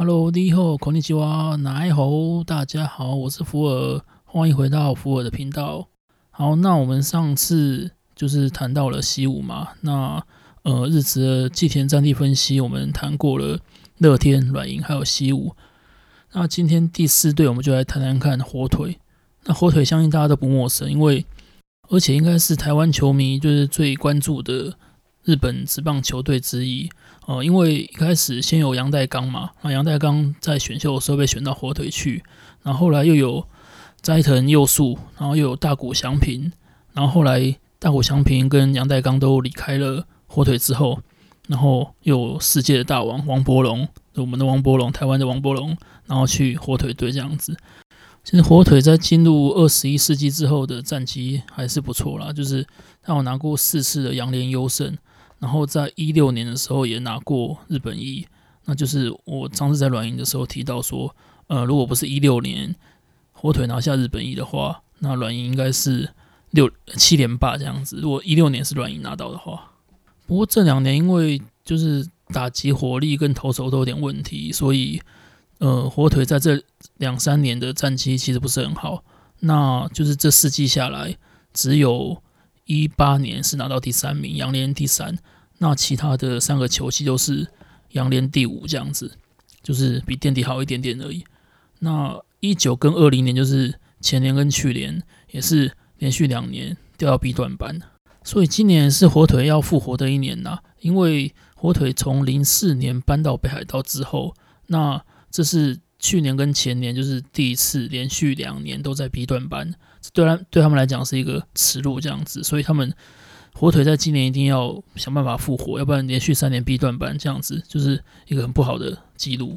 Hello，你好，恐尼基哇，哪一猴？大家好，我是福爾，歡迎回到福爾的頻道。好，那我們上次就是談到了西武嘛，那呃，日職的季前戰力分析，我們談過了樂天、軟銀還有西武。那今天第四隊，我們就來談談看火腿。那火腿相信大家都不陌生，因為而且應該是台灣球迷就是最關注的日本職棒球隊之一。哦、呃，因為一開始先有陽岱鋼嘛，那陽岱鋼在選秀的時候被選到火腿去，然後後來又有齋藤佑樹，然後又有大谷翔平，然後後來大谷翔平跟陽岱鋼都離開了火腿之後，然後又有世界的大王王柏融，就我們的王柏融，台灣的王柏融，然後去火腿隊這樣子。其實火腿在進入二十一世紀之後的戰績還是不錯啦，就是他有拿過四次的洋聯優勝。然後在一六年的時候也拿過日本一，那就是我上次在軟銀的時候提到說，呃，如果不是一六年火腿拿下日本一的話，那軟銀應該是六七連霸這樣子。如果一六年是軟銀拿到的話，不過這兩年因為就是打擊火力跟投手都有點問題，所以呃，火腿在這兩三年的戰績其實不是很好。那就是這四季下來只有。一八年是拿到第三名，洋聯第三，那其他的三個球季就是洋聯第五這樣子，就是比墊底好一點點而已。那一九跟二零年就是前年跟去年，也是連續兩年掉到 B 段班，所以今年是火腿要復活的一年吶、啊，因為火腿從零四年搬到北海道之後，那這是。去年跟前年就是第一次連續兩年都在 B 段班，這對他對他們來講是一個恥辱這樣子，所以他們火腿在今年一定要想辦法復活，要不然連續三年 B 段班這樣子就是一個很不好的記錄。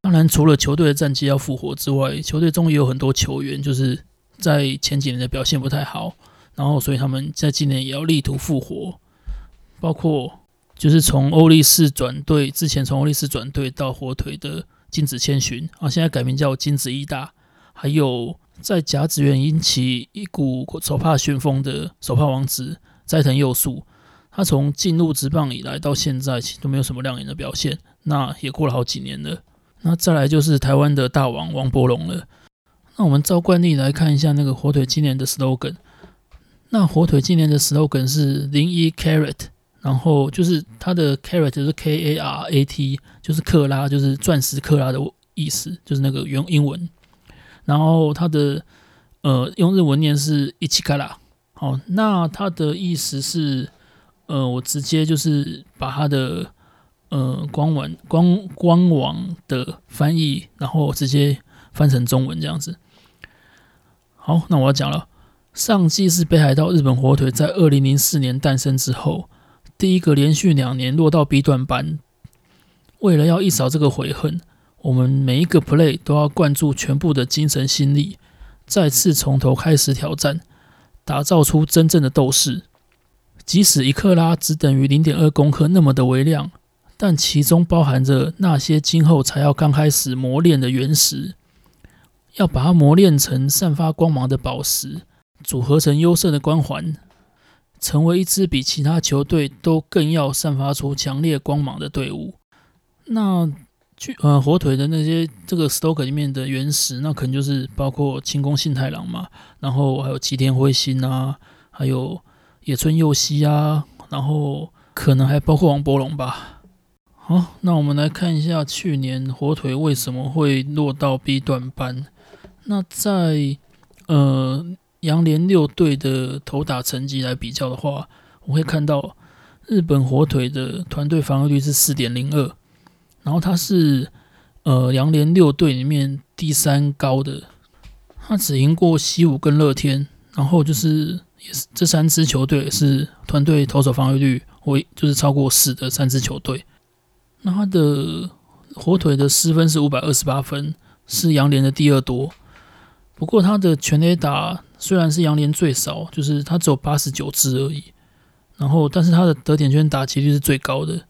當然，除了球隊的戰績要復活之外，球隊中也有很多球員就是在前幾年的表現不太好，然後所以他們在今年也要力圖復活，包括就是從歐力士轉隊之前，從歐力士轉隊到火腿的。金子千尋啊，現在改名叫金子一大。還有在甲子園引起一股手帕旋風的手帕王子齋藤佑樹，他從進入職棒以來到現在其實都沒有什麼亮眼的表現。那也過了好幾年了。那再來就是台灣的大王王柏融了。那我們照慣例來看一下那個火腿今年的 slogan。那火腿今年的 slogan 是零一 carrot。然後就是它的 carat 是 K A R A T，就是克拉，就是鑽石克拉的意思，就是那個原英文。然後它的呃用日文念是一起克拉。好，那它的意思是呃我直接就是把它的呃官網官官網的翻譯，然後直接翻成中文這樣子。好，那我要講了，上季是北海道日本火腿在二零零四年誕生之後。第一個連續兩年落到 B 段班，為了要一掃這個悔恨，我們每一個 play 都要灌注全部的精神心力，再次從頭開始挑戰，打造出真正的鬥士。即使一克拉只等於零點二公克那麼的微量，但其中包含着那些今後才要剛開始磨練的原石，要把它磨練成散發光芒的寶石，組合成優勝的光環，成為一支比其他球隊都更要散發出強烈光芒的隊伍。那去呃火腿的那些這個 stock 裡面的原石，那可能就是包括清宮幸太郎嘛，然後還有吉田輝星啊，還有野村佑希啊，然後可能還包括王柏融吧。好，那我們來看一下去年火腿為什麼會落到 B 段班。那在呃。洋聯六隊的投打成績來比較的話，我會看到，日本火腿的團隊防禦率是四點零二，然後它是呃洋聯六隊裡面第三高的，它只贏過西武跟樂天，然後就是也是這三支球隊是團隊投手防御率為，就是超過四的三支球隊，那它的火腿的失分是五百二十八分，是洋聯的第二多。不過他的全壘打雖然是洋聯最少，就是他只有八十九支而已。然後，但是他的得點圈打擊率是最高的，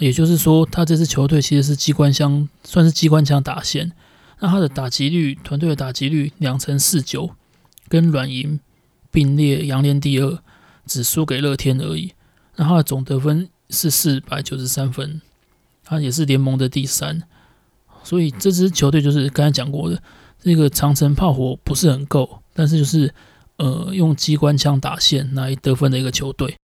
也就是說，他這支球隊其實是機關槍，算是機關槍打線。那他的打擊率，團隊的打擊率兩成四九，49，跟軟銀並列洋聯第二，只輸給樂天而已。那他的總得分是四百九十三分，他也是聯盟的第三。所以這支球隊就是剛才講過的。這個長城炮火不是很夠，但是就是，呃，用機關槍打線來得分的一個球隊。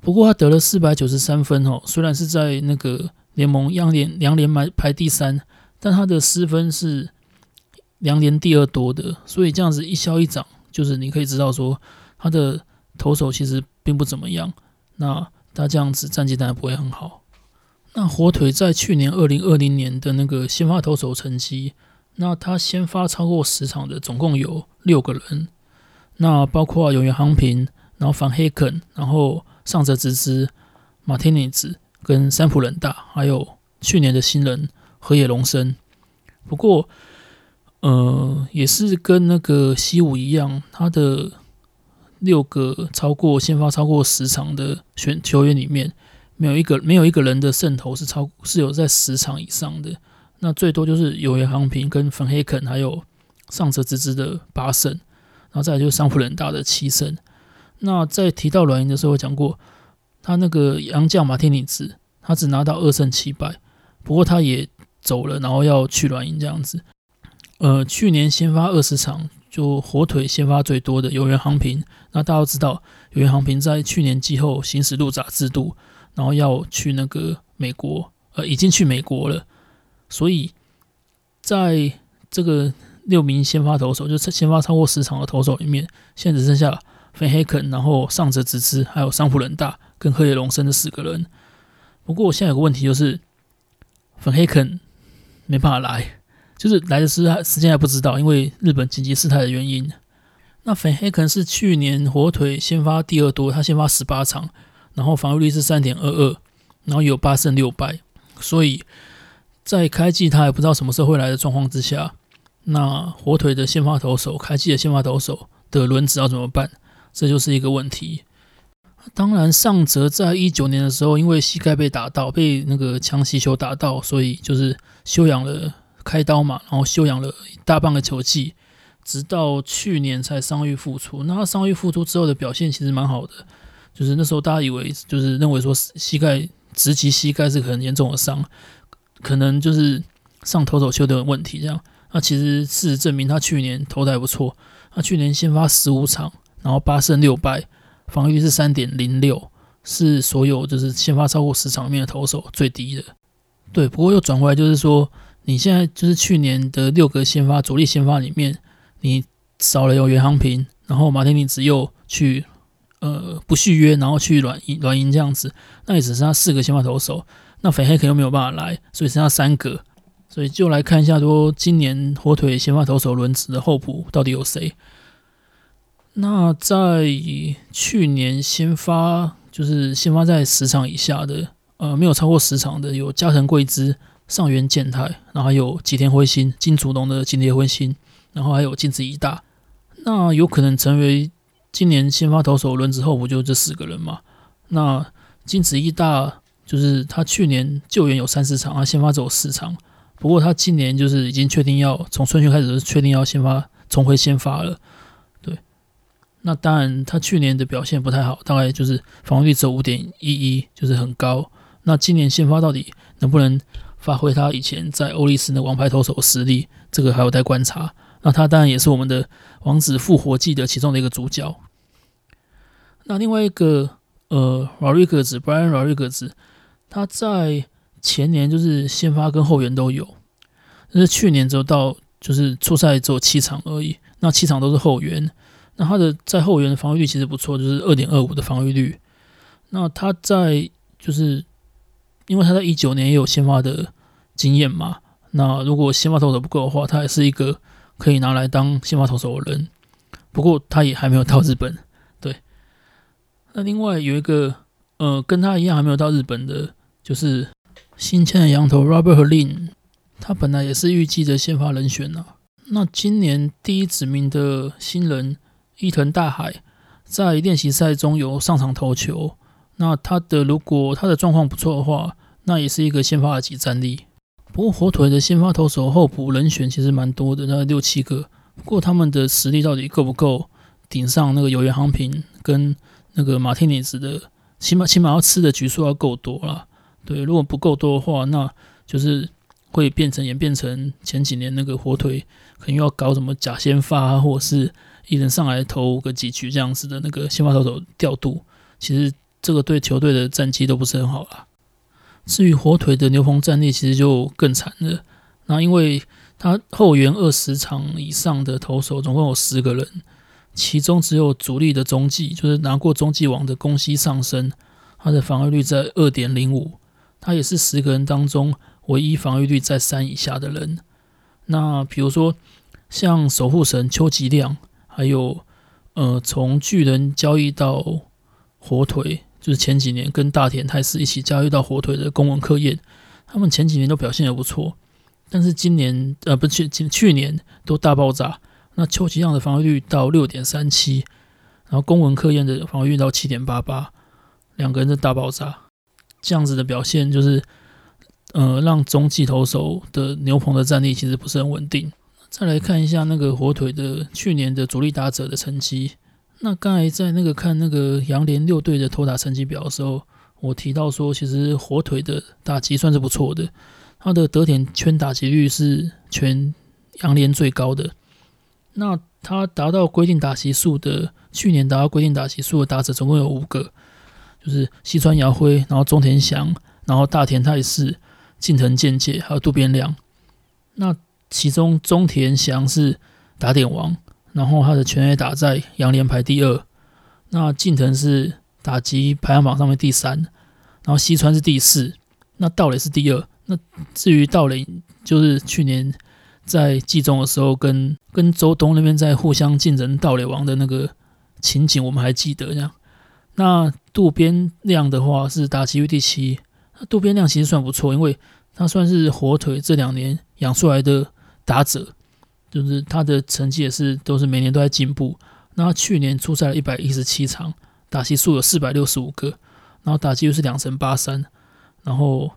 不過他得了四百九十三分哦，雖然是在那個聯盟洋聯、洋聯盟排第三，但他的失分是洋聯第二多的。所以這樣子一消一長。就是你可以知道說他的投手其實並不怎麼樣。那他這樣子戰績當然不會很好。那火腿在去年二零二零年的那個先發投手成績。那他先發超過十場的總共有六個人，那包括永原航平，然後反黑肯，然後上澤直之、之、馬天尼子跟三浦仁大，還有去年的新人河野龍生。不過，呃，也是跟那個西武一樣，他的六個超過先發超過十場的選球員裡面，沒有一個沒有一個人的勝投是超是有在十場以上的。那最多就是有原航平跟粉黑肯，還有上澤之之的八勝，然後再來就是杉浦稔大的七勝。那在提到軟銀的時候，我講過他那個洋將馬天尼茨，他只拿到二勝七敗，不過他也走了，然後要去軟銀這樣子。呃，去年先發二十場，就火腿先發最多的有原航平，那大家都知道有原航平在去年季後行駛入札制度，然後要去那個美國，呃，已經去美國了。所以，在這個六名先發投手，就是先發超過十場的投手裡面，現在只剩下粉黑肯，然後上澤直之，還有杉浦稔大跟河野龍生的四個人。不過我現在有個問題就是，粉黑肯沒辦法來，就是來的是時時間還不知道，因為日本緊急事態的原因。那粉黑肯是去年火腿先發第二多，他先發十八場，然後防禦率是三點二二，然後有八勝六敗，所以。在開季他也不知道什麼時候會來的狀況之下，那火腿的先發投手、開季的先發投手的輪值，要怎麼辦？這就是一個問題。當然，上澤在一九年的時候，因為膝蓋被打到，被那個強襲球打到，所以就是休養了開刀嘛，然後休養了大半個球季，直到去年才傷癒復出。那他傷癒復出之後的表現其實蠻好的，就是那時候大家以為，就是認為說膝蓋，直擊膝蓋是很嚴重的傷。可能就是上投手秀的問題，這樣。那其實事實證明他去年投的還不錯。他去年先發十五場，然後八勝六敗，防禦是三點零六，是所有就是先發超過十場裡面的投手最低的。對，不過又轉回來，就是說你現在就是去年的六個先發主力先發裡面，你少了有原航平，然後馬天尼只有去呃不續約，然後去軟銀軟銀這樣子，那也只剩下四個先發投手。那粉黑可能沒有辦法來，所以剩下三個，所以就來看一下，說今年火腿先發投手輪值的候補到底有誰？那在去年先發就是先發在十場以下的，呃，沒有超過十場的有加藤貴之、上原健太，然後還有吉田輝星、金足農的金田輝星，然後還有金子一大。那有可能成為今年先發投手輪值候補就這四個人嘛？那金子一大，就是他去年救援有三四場，他先發只有四場。不過他今年就是已經確定要從春訓開始，就確定要先發重回先發了。對，那當然他去年的表現不太好，大概就是防禦率只有五點一一，就是很高。那今年先發到底能不能發揮他以前在歐力士的王牌投手實力，這個還有待觀察。那他當然也是我們的王子復活季的其中的一個主角。那另外一個呃，羅德里格斯 Brian 羅德里格斯。他在前年就是先發跟後援都有，但是去年只有到就是出賽，只有七場而已，那七場都是後援。那他的在後援的防禦率其實不錯，就是二點二五的防禦率。那他在就是因為他在一九年也有先發的經驗嘛。那如果先發投手不夠的話，他也是一個可以拿來當先發投手的人。不過他也還沒有到日本，對。那另外有一個呃跟他一樣還沒有到日本的。就是新簽的洋投 Robert 和 Lin，他本來也是預計的先發人選吶、啊。那今年第一指名的新人伊藤大海，在練習賽中有上場投球，那他的如果他的狀況不錯的話，那也是一個先發級戰力。不過火腿的先發投手候補人選其實蠻多的，那六七個。不過他們的實力到底夠不夠頂上那個有原航平跟那個馬丁尼茲的，起碼起碼要吃的局數要夠多了。對，如果不夠多的話，那就是會變成演變成前幾年那個火腿，可能又要搞什麼假先發啊，或者是一人上來投個幾局這樣子的那個先發投手調度，其實這個對球隊的戰績都不是很好啦。至於火腿的牛棚戰力，其實就更慘了。那因為他後援二十場以上的投手總共有十個人，其中只有主力的中繼，就是拿過中繼王的宮西尚生，他的防禦率在二點零五。他也是十個人當中唯一防御率在三以下的人。那比如說像守護神秋吉亮，還有呃從巨人交易到火腿，就是前幾年跟大田泰示一起交易到火腿的公文克彥，他們前幾年都表現得不錯，但是今年呃不是去去年都大爆炸。那秋吉亮的防御率到六點三七，然後公文克彥的防御率到七點八八，兩個人的大爆炸。這樣子的表現就是，呃，讓中繼投手的牛棚的戰力其實不是很穩定。再來看一下那個火腿的去年的主力打者的成績。那剛才在那個看那個洋聯六隊的投打成績表的時候，我提到說，其實火腿的打擊算是不錯的，他的得點圈打擊率是全洋聯最高的。那他達到規定打擊數的，去年達到規定打擊數的打者總共有五個。就是西川遙輝，然後中田翔，然後大田泰示、近藤健介，還有渡邊諒。那其中中田翔是打點王，然後他的全壘打在洋聯排第二。那近藤是打擊排行榜上面第三，然後西川是第四。那盜壘是第二。那至於盜壘，就是去年在季中的時候跟，跟、跟周東那邊在互相競爭盜壘王的那個情景，我們還記得這樣。那渡邊亮的話是打擊率第七，那渡邊亮其實算不錯，因為他算是火腿這兩年養出來的打者，就是他的成績也是都是每年都在進步。那他去年出賽了一百一十七場，打席數有四百六十五個，然後打擊率是兩成八三。然後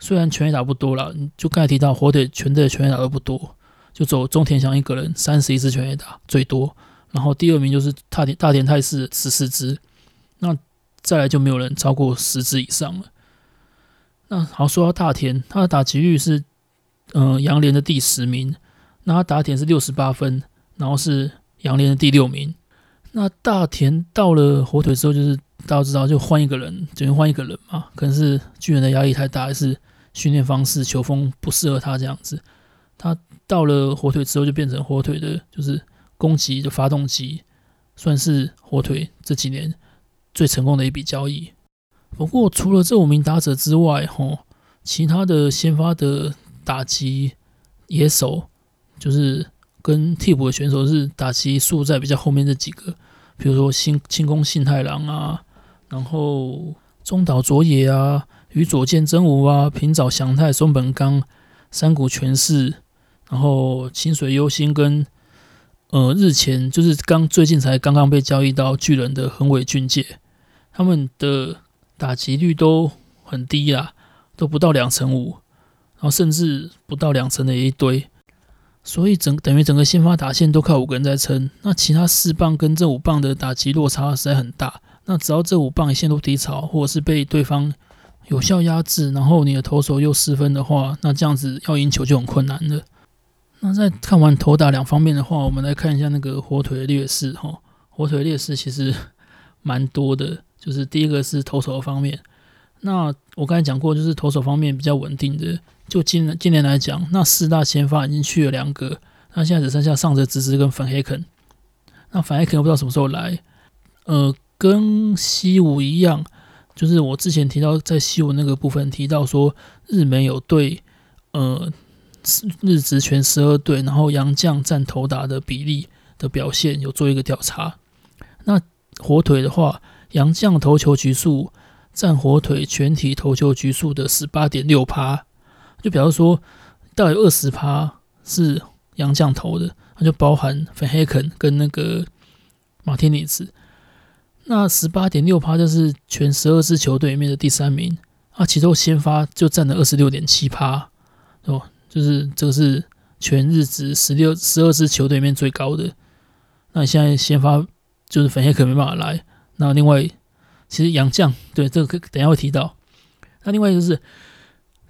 雖然全壘打不多了，就剛才提到火腿全隊全壘打都不多，就走中田翔一個人三十一支全壘打最多，然後第二名就是大田大田泰示十四支。那再來就沒有人超過十支以上了。那好，說到大田，他的打擊率是嗯洋聯的第十名，那他打點是六十八分，然後是洋聯的第六名。那大田到了火腿之後，就是大家知道就換一個人，只能換一個人嘛。可能是巨人的壓力太大，還是訓練方式、球風不適合他這樣子。他到了火腿之後，就變成火腿的，就是攻擊的發動機，算是火腿這幾年最成功的一筆交易。不過除了這五名打者之外，哈，其他的先發的打擊野手，就是跟替補的選手是打擊數在比較後面這幾個，比如說星清宮幸太郎啊，然後中島卓也啊，宇佐見真吾啊，平沼翔太、松本剛、杉谷拳士，然後清水優心跟。呃，日前就是剛最近才剛剛被交易到巨人的橫尾俊建，他們的打擊率都很低啦，都不到兩成五，然後甚至不到兩成的一堆，所以整等於整個先發打線都靠五個人在撐，那其他四棒跟這五棒的打擊落差實在很大，那只要這五棒陷入低潮或者是被對方有效壓制，然後你的投手又失分的話，那這樣子要贏球就很困難了。那再看完投打兩方面的話，我們來看一下那個火腿的劣勢哈。火腿劣勢其實蠻多的，就是第一個是投手的方面。那我剛才講過，就是投手方面比較穩定的，就今今年來講，那四大先發已經去了兩個，那現在只剩下上澤直之跟反黑肯。那反黑肯又不知道什麼時候來，呃，跟西武一樣，就是我之前提到在西武那個部分提到說，日美有對，呃。日職全十二隊，然後洋將佔投打的比例的表現有做一個調查。那火腿的話，洋將投球局數佔火腿全體投球局數的十八點六趴，就表示說大約二十趴是洋將投的，那就包含菲黑肯跟那個馬天尼斯。那十八點六趴就是全十二支球隊裡面的第三名啊，其中先發就佔了二十六點七趴哦。就是這個是全日職十六十二支球隊裡面最高的。那你現在先發就是粉黑可沒辦法來。那另外，其實洋將，對，這個可等一下會提到。那另外就是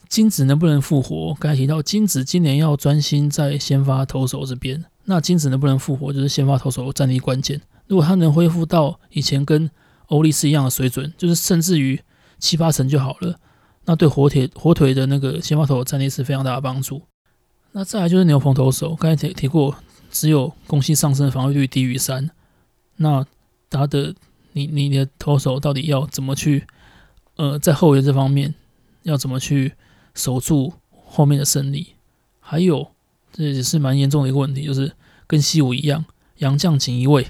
金子能不能復活？剛才提到金子今年要專心在先發投手這邊。那金子能不能復活，就是先發投手戰力關鍵。如果他能恢復到以前跟歐力士一樣的水準，就是甚至於七八成就好了。那對火腿火腿的那個先發頭的戰力是非常大的幫助。那再來就是牛棚投手，剛才提提過，只有宮西尚生，防御率低於三。那他的你你的投手到底要怎麼去呃在後援這方面要怎麼去守住後面的勝利？還有這也是蠻嚴重的一個問題，就是跟西武一樣，洋將僅一位，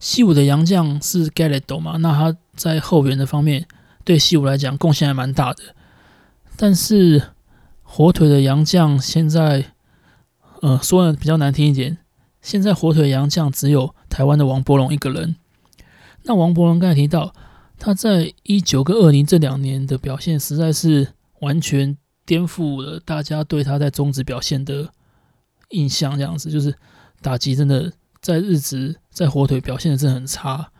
西武的洋將是 Galletto 嘛？那他在後援的方面對西武來講貢獻還蠻大的。但是火腿的洋將現在，呃，說的比較難聽一點，現在火腿洋將只有台灣的王柏融一個人。那王柏融剛才提到，他在一九跟二零這兩年的表現，實在是完全顛覆了大家對他在中職表現的印象。這樣子就是打擊真的在日職、在火腿表現真的是很差，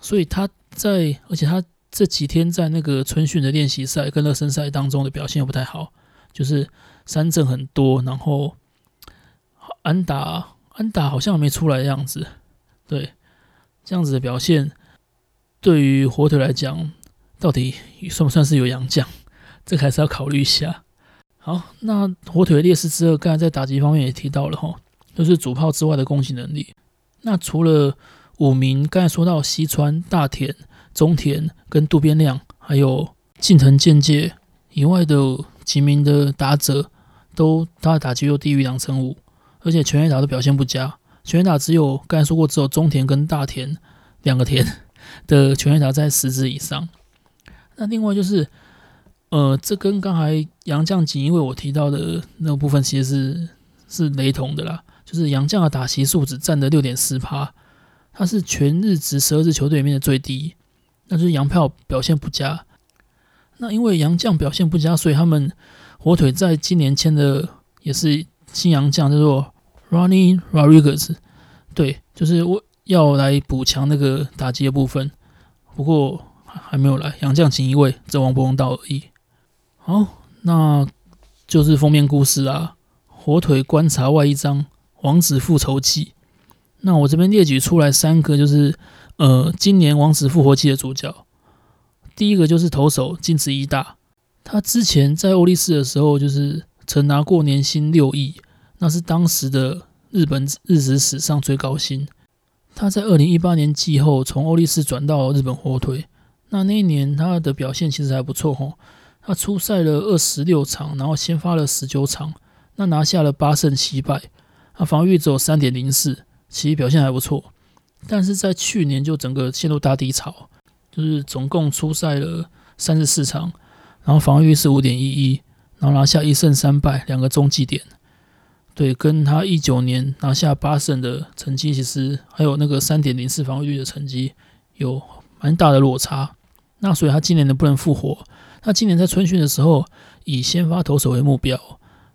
所以他在而且他。這幾天在那個春訓的練習賽跟熱身賽當中的表現又不太好，就是三振很多，然後安打安打好像沒出來的樣子，對，這樣子的表現對於火腿來講，到底算不算是有洋將？這個還是要考慮一下。好，那火腿的劣勢之後，剛才在打擊方面也提到了哈，就是主炮之外的攻擊能力。那除了五名，剛才說到西川、大田。中田跟渡邊亮，還有近藤健介以外的幾名的打者，都他的打擊又低於兩成五，而且全壘打的表現不佳。全壘打只有剛才說過，只有中田跟大田兩個田的全壘打在十支以上。那另外就是，呃，這跟剛才洋將僅因為我提到的那個部分其實是是雷同的啦，就是洋將的打席數只佔了六點四趴，它是全日職十二支球隊裡面的最低。但是洋票表現不佳，那因為洋將表現不佳，所以他們火腿在今年簽的也是新洋將叫做 Ronny Rodriguez，對，就是我要來補強那個打擊的部分，不過還沒有來。洋將僅一位，只有王柏融到而已。好，那就是封面故事啦。火腿觀察外一章《王子復仇記》。那我這邊列舉出來三個就是。呃，今年王子復活季的主角，第一個就是投手金子一大。他之前在歐力士的時候，就是曾拿過年薪六億，那是當時的日本日職史上最高薪。他在二零一八年季後從歐力士轉到日本火腿，那那一年他的表現其實還不錯哈。他出賽了二十六場，然後先發了十九場，那拿下了八勝七敗，他防禦只有三點零四，其實表現還不錯。但是在去年就整個陷入大低潮，就是總共出賽了三十四場，然後防御率是五點一一，然後拿下一勝三敗兩個中繼點。對，跟他一九年拿下八勝的成績，其實還有那個三點零四防御率的成績，有蠻大的落差。那所以他今年能不能復活？他今年在春訓的時候以先發投手為目標，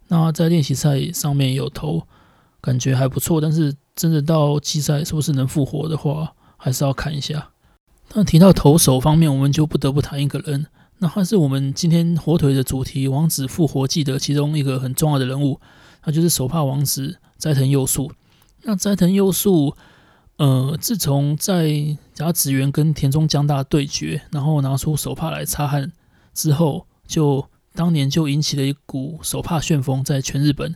那在練習賽上面有投，感覺還不錯，但是。真的到季賽，是不是能復活的話，還是要看一下。那提到投手方面，我們就不得不談一個人，那他是我們今天火腿的主題——王子復活記的其中一個很重要的人物，他就是手帕王子齋藤佑樹。那齋藤佑樹，呃，自從在甲子園跟田中將大對決，然後拿出手帕來擦汗之後就，就當年就引起了一股手帕旋風，在全日本。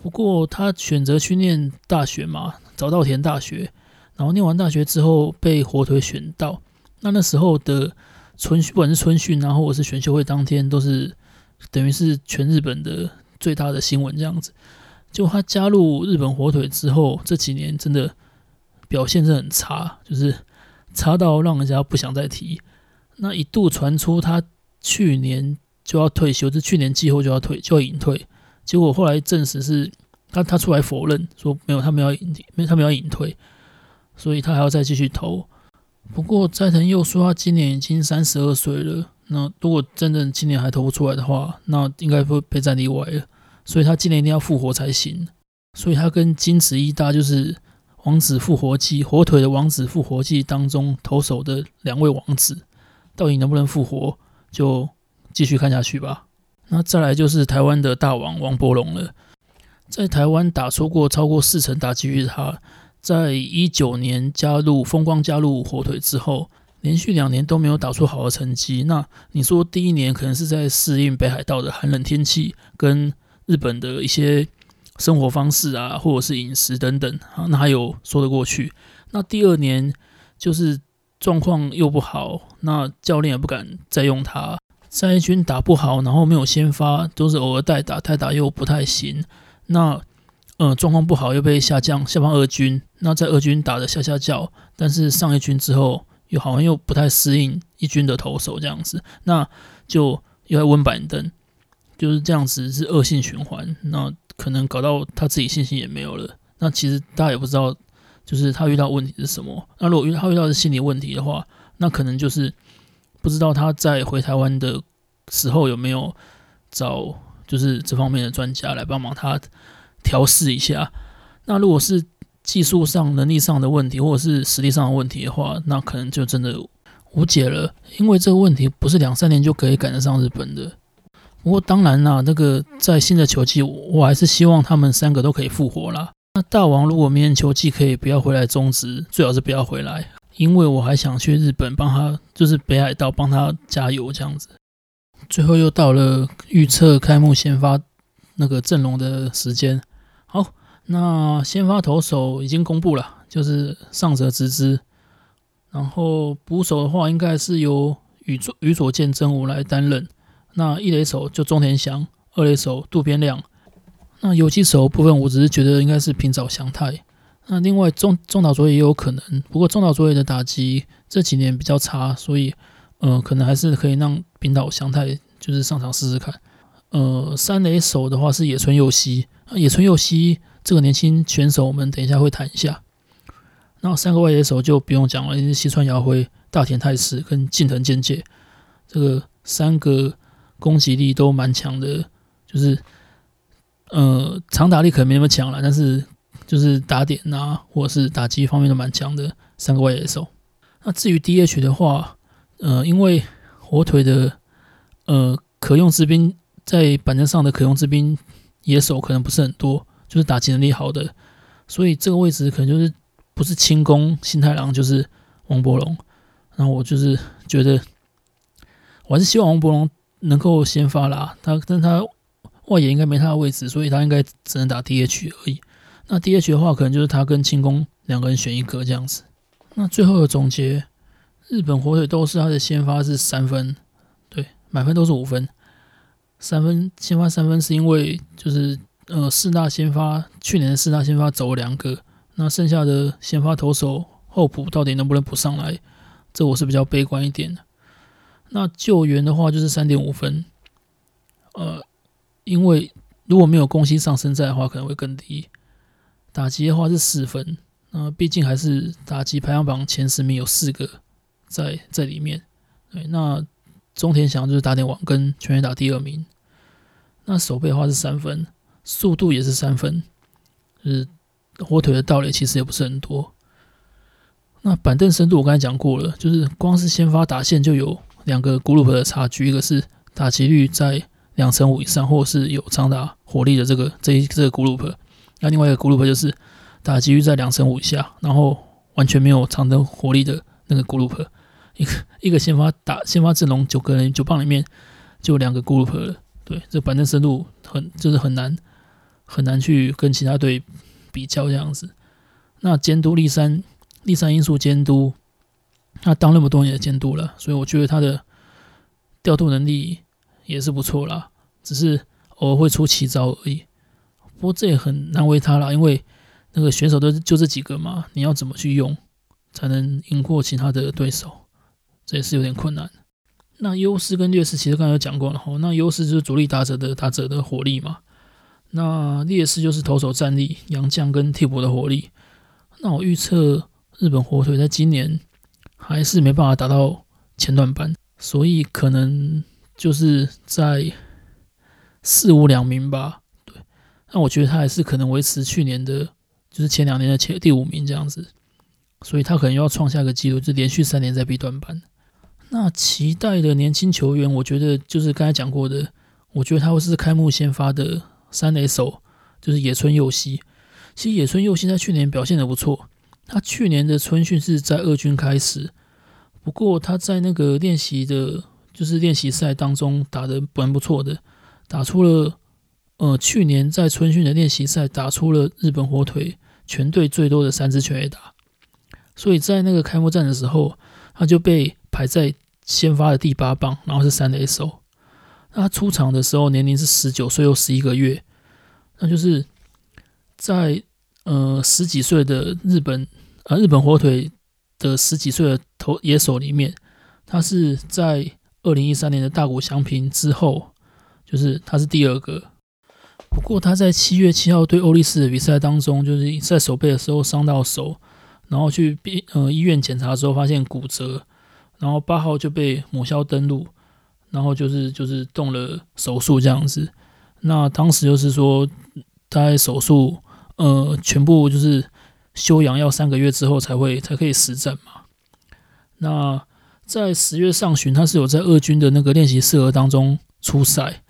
不過他選擇去念大學嘛，早稻田大學，然後念完大學之後被火腿選到。那那時候的春，不管是春訓，然後我是選秀會當天，都是等於是全日本的最大的新聞這樣子。就他加入日本火腿之後，這幾年真的表現是很差，就是差到讓人家不想再提。那一度傳出他去年就要退休，就是去年季後就要退，就要隱退。結果後來證實是他，他他出來否認說沒有，他沒有，沒他沒有隱退，所以他還要再繼續投。不過齋藤又說他今年已經三十二歲了，那如果真正今年還投不出來的話，那應該會被戰力外了。所以他今年一定要復活才行。所以他跟金子一搭就是王子復活記，火腿的王子復活記當中投手的兩位王子，到底能不能復活，就繼續看下去吧。那再來就是台灣的大王王柏融了，在台灣打出過超過四成打擊率的他，在一九年加入風光加入火腿之後，連續兩年都沒有打出好的成績。那你說第一年可能是在適應北海道的寒冷天氣跟日本的一些生活方式啊，或者是飲食等等啊，那還有說得過去。那第二年就是狀況又不好，那教練也不敢再用他。上一軍打不好，然後沒有先發，都、就是偶爾代打，代打又不太行。那，呃，狀況不好又被下降，下放二軍。那在二軍打得下下叫，但是上一軍之後又好像又不太適應一軍的投手這樣子。那就又在溫板凳，就是這樣子是惡性循環。那可能搞到他自己信心也沒有了。那其實大家也不知道，就是他遇到問題是什麼。那如果遇他遇到的是心理問題的話，那可能就是。不知道他在回台灣的時候有沒有找就是這方面的專家來幫忙他調試一下。那如果是技術上、能力上的問題，或者是實力上的問題的話，那可能就真的無解了，因為這個問題不是兩三年就可以趕得上日本的。不過當然啦、啊，那個在新的球季，我還是希望他們三個都可以復活啦。那大王如果明年球季可以不要回來中職，最好是不要回來。因為我還想去日本幫他，就是北海道幫他加油這樣子。最後又到了預測開幕先發那個陣容的時間。好，那先發投手已經公布了，就是上澤直之。然後捕手的話，應該是由宇佐宇佐見真吾來擔任。那一壘手就中田翔，二壘手渡邊亮。那游擊手部分，我只是覺得應該是平沼翔太。那另外中中島卓也有可能，不過中島卓也的打擊這幾年比較差，所以呃，可能還是可以讓平沼翔太就是上場試試看。呃，三壘手的話是野村佑希、呃，野村佑希這個年輕選手，我們等一下會談一下。然後三個外野手就不用講了，因為西川遙輝、大田泰示跟近藤健介，這個三個攻擊力都蠻強的，就是呃，長打力可能沒那麼強了，但是。就是打點啊，或者是打擊方面都蠻強的三個外野手。那至於 DH 的話，呃，因為火腿的呃可用之兵在板凳上的可用之兵野手可能不是很多，就是打擊能力好的，所以這個位置可能就是不是清宮幸太郎就是王柏融，然後那我就是覺得，我還是希望王柏融能夠先發啦。他但他外野應該沒他的位置，所以他應該只能打 DH 而已。那 DH 的話，可能就是他跟清宮兩個人選一個這樣子。那最後的總結，日本火腿鬥士他的先發是三分，對，滿分都是五分。三分先發三分是因為就是呃四大先發去年的四大先發走了兩個，那剩下的先發投手後補到底能不能補上來，這我是比較悲觀一點的。那救援的話就是三點五分，呃，因為如果沒有宮西尚生在的話，可能會更低。打擊的話是四分，那畢竟還是打擊排行榜前十名有四個在在裡面。對，那中田翔就是打點王跟全壘打第二名。那守備的話是三分，速度也是三分，就是火腿的盜壘其實也不是很多。那板凳深度我剛才講過了，就是光是先發打線就有兩個 group 的差距，一個是打擊率在兩成五以上，或是有長達火力的這個這一這個 group。這個那另外一個 group 就是打擊率在兩成五以下，然後完全沒有長程火力的那個 group。一個一個先發打先發陣容九個人九棒裡面就兩個 group 了，對，這板凳深度很就是很難很難去跟其他隊比較這樣子。那監督栗山栗山英樹監督，他當那麼多年的監督了，所以我覺得他的調度能力也是不錯啦，只是偶爾會出奇招而已。不過這也很難為他了，因為那個選手都就這幾個嘛，你要怎麼去用才能贏過其他的對手，這也是有點困難。那優勢跟劣勢其實剛才有講過了，吼、哦，那優勢就是主力打者的打者的火力嘛，那劣勢就是投手戰力、洋將跟替補的火力。那我預測日本火腿在今年還是沒辦法達到前段班，所以可能就是在四五兩名吧。那我覺得他還是可能維持去年的，就是前兩年的前第五名這樣子，所以他可能要創下一個紀錄，就是連續三年在 B 段班。那期待的年輕球員，我覺得就是剛才講過的，我覺得他會是開幕先發的三壘手，就是野村佑希。其實野村佑希在去年表現得不錯，他去年的春訓是在二軍開始，不過他在那個練習的，就是練習賽當中打得不不的蠻不錯的，打出了。呃，去年在春訓的練習賽打出了日本火腿全隊最多的三支全壘打，所以在那個開幕戰的時候，他就被排在先發的第八棒，然後是三壘手。那他出場的時候年齡是十九歲又十一個月，那就是在呃十幾歲的日本呃日本火腿的十幾歲的投野手裡面，他是在二零一三年的大谷翔平之後，就是他是第二個。不過他在七月七號對歐力士的比賽當中，就是在守備的時候傷到手，然後去病呃醫院檢查之後發現骨折，然後八號就被抹消登錄，然後就是就是動了手術這樣子。那當時就是說，大概手術呃全部就是休養要三個月之後才會才可以實戰嘛。那在十月上旬，他是有在二軍的那個練習試合當中出賽。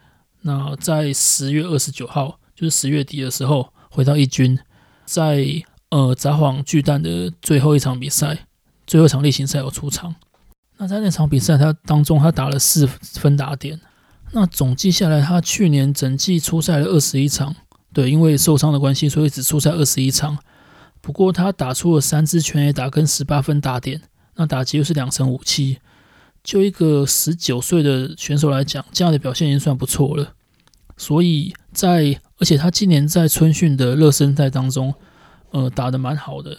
那在十月二十九號，就是十月底的時候，回到一軍，在呃札幌巨蛋的最後一場比賽，最後一場例行賽有出場。那在那場比賽他當中，他打了四分打點。那總計下來，他去年整季出賽了二十一場，對，因為受傷的關係，所以只出賽二十一場。不過他打出了三支全壘打跟十八分打點，那打擊又是兩成五七。就一個十九歲的選手來講，這樣的表現已經算不錯了。所以在，在而且他今年在春訓的熱身賽當中，呃，打得蠻好的。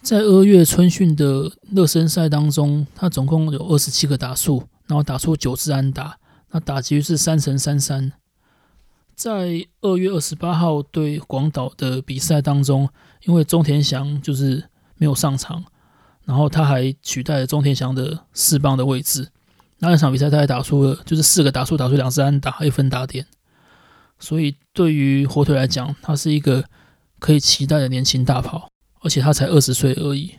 在二月春訓的熱身賽當中，他總共有二十七個打數，然後打出九次安打，那打擊是三成三三。在二月二十八號對廣島的比賽當中，因為中田翔就是沒有上場。然後他還取代了中田翔的四棒的位置，那兩場比賽他還打出了就是四個打數，打出兩支安打，一分打點。所以對於火腿來講，他是一個可以期待的年輕大炮，而且他才二十歲而已。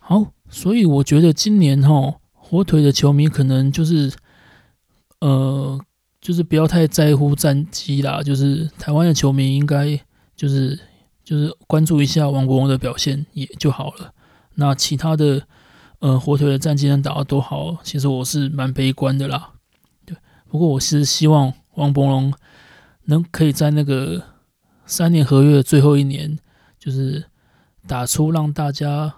好，所以我覺得今年吼、哦、火腿的球迷可能就是呃，就是不要太在乎戰績啦，就是台灣的球迷應該就是就是關注一下王柏融的表現也就好了。那其他的，呃，火腿的戰績能打得多好？其實我是蠻悲觀的啦。對，不過我其實希望王柏融能可以在那個三年合約的最後一年，就是打出讓大家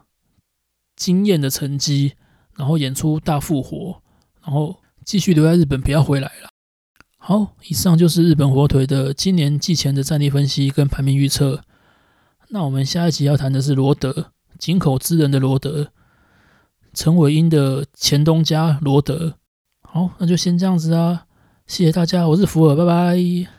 驚豔的成績，然後演出大復活，然後繼續留在日本，不要回來了。好，以上就是日本火腿的今年季前的戰力分析跟排名預測。那我們下一集要談的是羅德。井口資仁的羅德，陳偉英的前東家羅德，好，那就先這樣子啊，謝謝大家，我是福爾，拜拜。